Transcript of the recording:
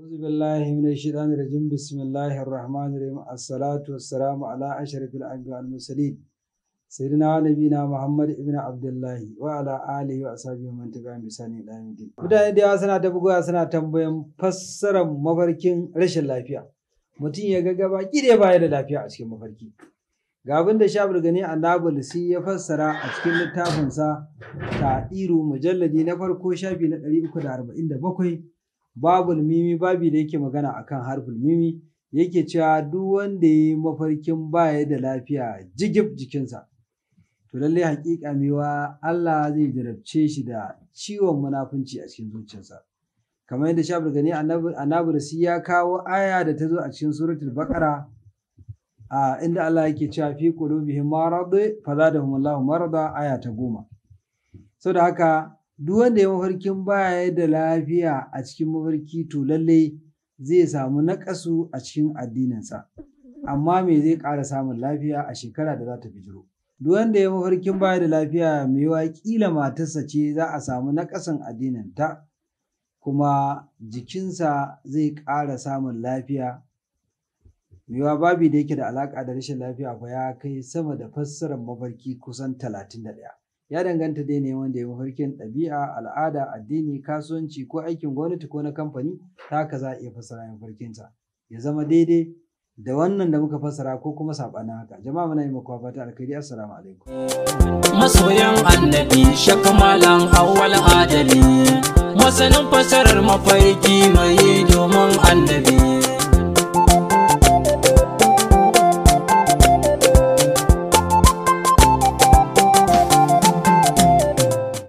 أعوذ بالله من الشيطان الرجيم بسم الله الرحمن الرحيم الصلاة والسلام على أشرف الأنبياء والمرسلين سيدنا نبينا محمد ابن عبد الله وعلى آله وأصحابه من تبعهم بإحسان إلى يوم الدين. mutane da yawa suna ta bugowa suna tambayan fassarar mafarkin rashin lafiya mutum ya ga gaba kide baya da lafiya a cikin mafarki ga da shabir gani annabalisi ya fassara a cikin littafinsa ta iru mujalladi na farko shafi na 347 babul mimi babi da yake magana akan harful mimi yake cewa duk wanda ya yi mafarkin baya da lafiya jigib jikinsa to lallai haƙiƙa mewa Allah zai jarabce shi da ciwon munafunci a cikin zuciyarsa kamar yadda shafir gani annabi ya kawo aya da ta zo a cikin suratul baqara a inda Allah yake cewa fi qulubihim marad fa zadahum Allahu marada aya ta goma saboda haka duk wanda ya mafarkin baya da lafiya a cikin mafarki to lallai zai samu naƙasu a cikin addininsa amma me zai ƙara samun lafiya a shekara da za ta bijiro duk wanda ya mafarkin baya da lafiya mai yawa kila matarsa ce za a samu naƙasan addininta kuma jikinsa zai ƙara samun lafiya yawa babi da yake da alaƙa da rashin lafiya ba ya kai sama da fassarar mafarki kusan talatin da ɗaya ya danganta dai ne wanda ya mafarkin ɗabi'a al'ada addini kasuwanci ko aikin gwamnati ko na kamfani ta haka za a iya fassara mafarkinsa ya zama daidai da wannan da muka fassara ko kuma saɓanin haka jama'a muna yi makawa fata alkhairi assalamu alaikum masoyan annabi shakmalan awwal adali masanin fassarar mafarki mai domin annabi